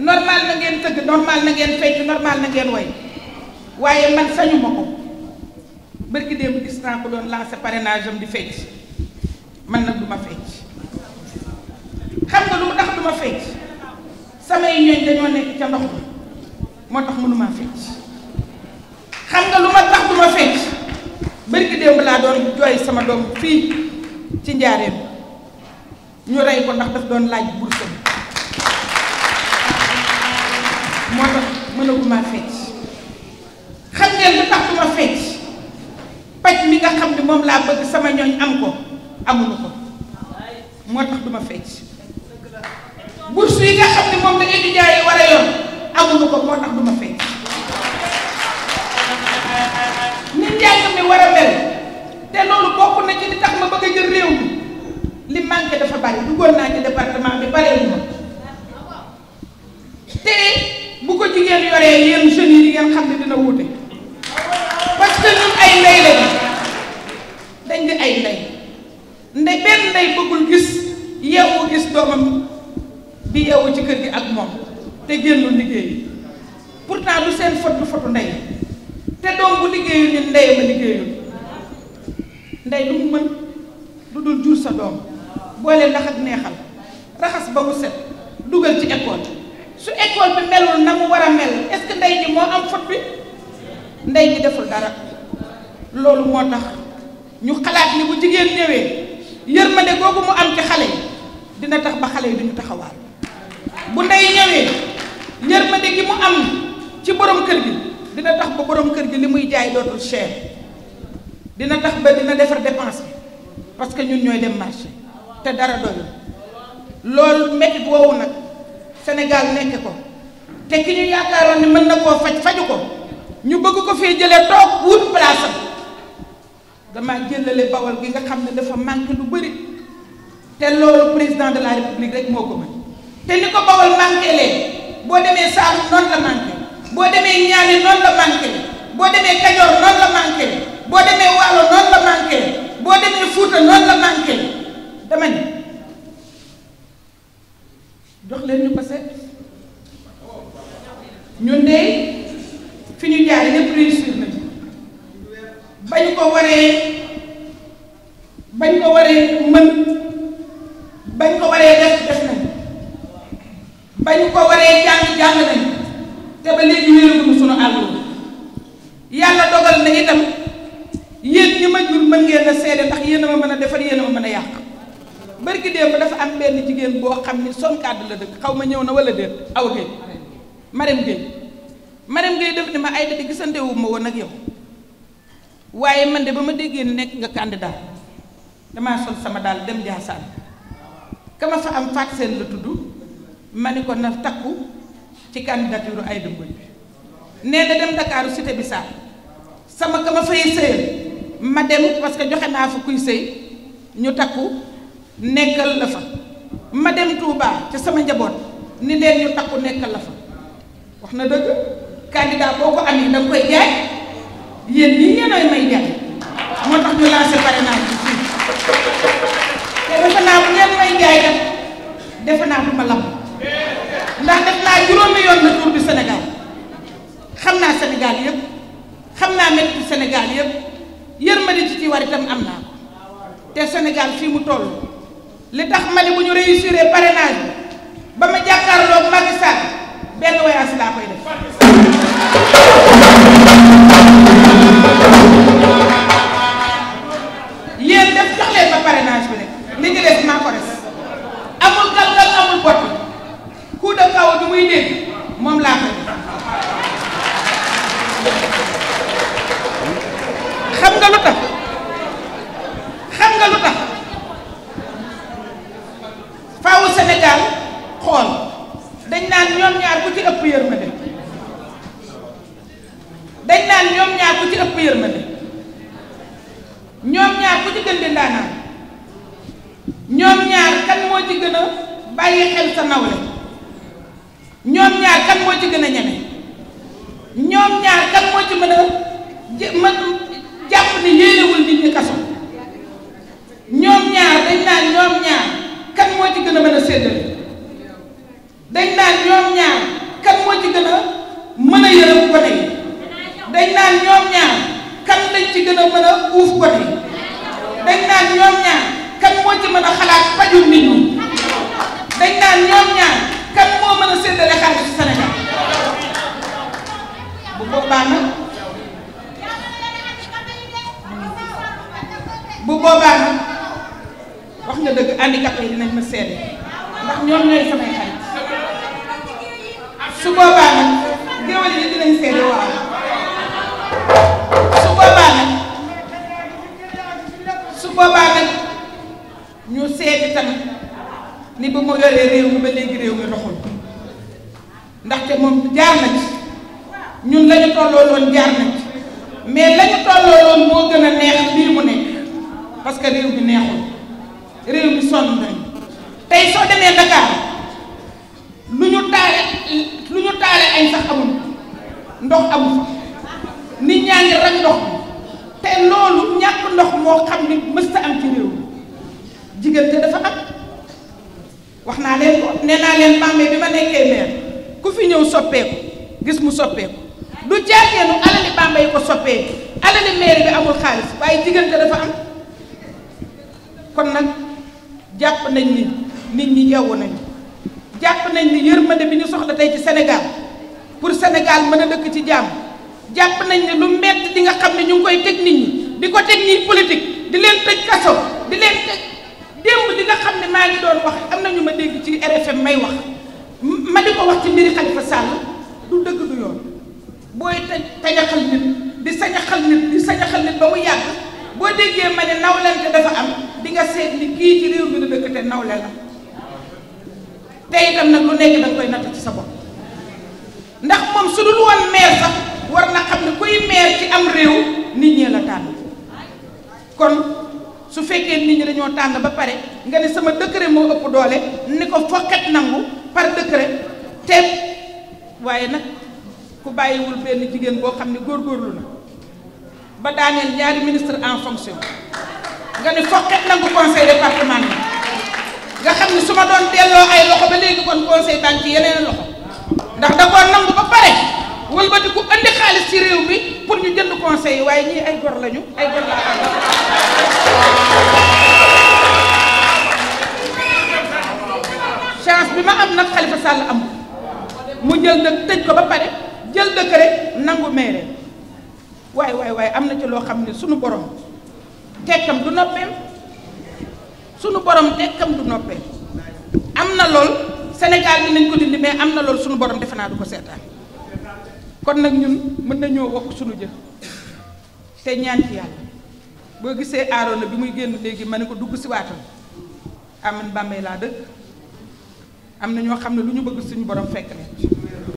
normal na ngeen tëgg normal na ngeen fecc normal na ngeen woy waaye man sañu ma ko bërki démb gis naa ko doon lancé parrainage am di fecc man nag du ma fecc xam nga lu tax du ma fecc samay ñooñ dañoo nekk ca tax mënuma fecc xam nga lu ma tax du ma fecc laa doon jooy sama doom fii ci njaareem ñu rey ko ndax daf doon laaj bourse moo tax mënaguma fecc xam ngeen lu tax duma fecc paj mi nga xam ne moom laa bëgg sama ñooñ am ko amuñu ko moo tax duma fecc bourse yi nga xam ne moom la étudiants yi war a yor amuñu ko moo tax duma fecc ni njàng mi war a mel te loolu bokk na ci li tax ma bëgg a jël réew mi li manqué dafa bari duggoon naa ci département bi bareewul yoree yéen jeunes yi di ngeen xam ne dina wuute parce que ay ndey lañu dañ di ay ndey benn ndey bëggul gis yeewu gis doomam bi yeewu ci kër gi ak moom te génnul liggéeyi pourtant du seen fot du fotu ndey te doom bu liggéeyu ni ndey ma liggéeyul ndey lu mu mën lu dul jur sa doom boole ndax ak neexal raxas ba mu set dugal ci école su école bi melul na mu war a mel est-ce que ndey ji moo am faute bi ndey ji deful dara loolu moo tax ñu xalaat ni bu jigéen ñëwee yërmande googu mu am ci xale yi dina tax ba xale yi duñu taxawaal bu ndey ñëwee yërmande gi mu am ci borom kër gi dina tax ba borom kër gi ni muy jaay dootul cher dina tax ba dina defar dépense bi parce que ñun ñooy dem marché te dara doyul loolu métti woowu nag. Sénégal nekk ko te ki ñu yaakaaroon ni mën na koo faj faju ko ñu bëgg ko fee jëlee toog wut place am damaa jëlale bawal gi nga xam ne dafa manqué lu bëri te loolu président de la république rek moo ko mën te ni ko bawal manqué boo demee Saalum noonu la manqué boo demee Ñaane noonu la manqué boo demee Kajoor noonu la manqué boo demee Waalo noonu la manqué boo demee Fuuta noonu la manqué dama ne leen ñu ko seet ñun de fi ñu jaar lépp réussir na ci bañ ko waree bañ ko waree mën bañ ko waree def def nañ bañ ko waree jàng jàng nañ te ba léegi wéeraguñu sunu àll yàlla dogal na itam yéen ñi ma jur mën ngeen a seede ndax yéen a ma a defar yeen a bërki dafa am benn jigéen boo xam ni sonkàdd la dëkk xaw ma ñëw na wala déet aw géey Marème Gueye Marème Gueye def ni ma ay dëkk gisantewu ma woon ak yow waaye man de ba ma déggee nekk nga candidat damaa sol sama daal dem Ndiassane kama fa am faat seen la tudd ma ni ko na takku ci candidature ay dëmb bi nee na dem Ndakaaru cité bi sama kama fay sëyal ma dem parce que joxe naa fa kuy sëy ñu takku nekkal la fa ma dem Touba ca sama njaboot ni leen ñu takku nekkal la wax na dëgg candidat boo ko amee da nga koy jaay yéen ñii yéenay may jaay moo tax ñu lancé parrainage bi fii te defe naa bu ngeen may jaay def defe naa du ma lam ndax def naa juróomi yoon na tour du Sénégal xam naa Sénégal yëpp xam naa métti Sénégal yëpp yërmande ci ci war itam am naa te Sénégal fii mu toll. li tax ma ne bu ñu réussir parrainage bi ba ma jàkkaarloog Macky Sall benn voyage laa koy def yéen def jox leen ma parrainage bi rek li ñu def maa ko des amul galgal amul bott coup de kaw du muy dégg moom laa koy xam nga lu tax ñoom ñaar kan moo ci gën a bàyyi xel sa nawle ñoom ñaar kan moo ci gën a ñeme ñoom ñaar kan ci jàpp ni yéenewul nit ñi kaso ñoom ñaar dañ naan ñoom ñaar kan moo ci gën a mën a séddale dañ naan ñoom ñaar kan moo ci gën a mën a yërëm gone yi dañ naan ñoom ñaar kan lañ ci gën a mën a uuf gone yi dañ naan ñoom ñaar dëgg handicapé yi dinañ ma seede ndax ñoom ñooy su boobaa nag su boobaa nag ñu seede tamit ni ba mu yoree réew mi ba léegi réew mi doxul ndaxte moom jaar na ci ñun la ñu tolloo loon jaar na ci mais la tolloo loon moo gën a neex lii mu nekk parce que réew mi neexul. réew mi sonn nañ tey soo demee Dakar lu ñu taale lu ñu taale ay sax amul ndox amul nit ñaa ngi rag ndox te loolu ñàkk ndox moo xam ni mësta am ci réew jigéen te dafa am wax naa leen ko nee naa leen Bambey bi ma nekkee maire ku fi ñëw soppeeku gis mu soppeeku du jaageenu alali Bambey ko soppeeku alali maire bi amul xaalis waaye jigéen te dafa am kon nag jàpp nañ ni nit ñi yeewu nañ jàpp nañ ni yërmande bi ñu soxla tey ci Sénégal pour Sénégal mën a dëkk ci jàmm jàpp nañ ni lu metti di nga xam ne ñu ngi koy teg nit ñi di ko teg ñi politique di leen tëj kaso di leen tëj démb di nga xam ne maa ngi doon wax am na ñu ma dégg ci RFM may wax ma di ko wax ci mbiri Khalifa Sall du dëgg du yoon booy taj tajaxal nit di sañaxal nit di sañaxal nit ba mu yàgg boo déggee ma ne nawlante dafa am di nga seet li kii ci réew mi nu dëkk te nawle la te itam nag lu nekk danga koy natt ci sa bopp ndax moom su dul woon maire sax war na xam ne kuy maire ci am réew nit ñi la tànn kon su fekkee nit ñi dañoo tàng ba pare nga ne sama décret moo ëpp doole ni ko foqet nangu par décret te waaye nag ku bàyyiwul benn jigéen boo xam ne góorgóorlu na ba daaneel ñaari ministre en fonction nga ni fokket nangu conseil départemental nga xam ni su ma doon delloo ay loxo ba léegi kon conseil banque ci yeneen loxo ndax da koo nangu ba pare wëlbati ku andi xaalis ci réew mi pour ñu jënd conseil yi waaye ñii ay gor lañu ay gor la am chance bi ma am nag Khalifa Sall am mu jël nag tëj ko ba pare jël décret nangu maire waaye waaye waaye am na ci loo xam ne sunu borom tekkam du noppeem sunu borom tekkam du noppeem am na lool Sénégal bi nañ ko dindi mais am na lool suñu borom defe naa du ko seetaan kon nag ñun mën nañoo wokk sunu jëf te ñaan yàlla boo gisee Aarona bi muy génn léegi ma ne ko dugg si waatam aman Bambey laa dëkk am na ñoo xam ne lu ñu bëgg suñu borom fekk leen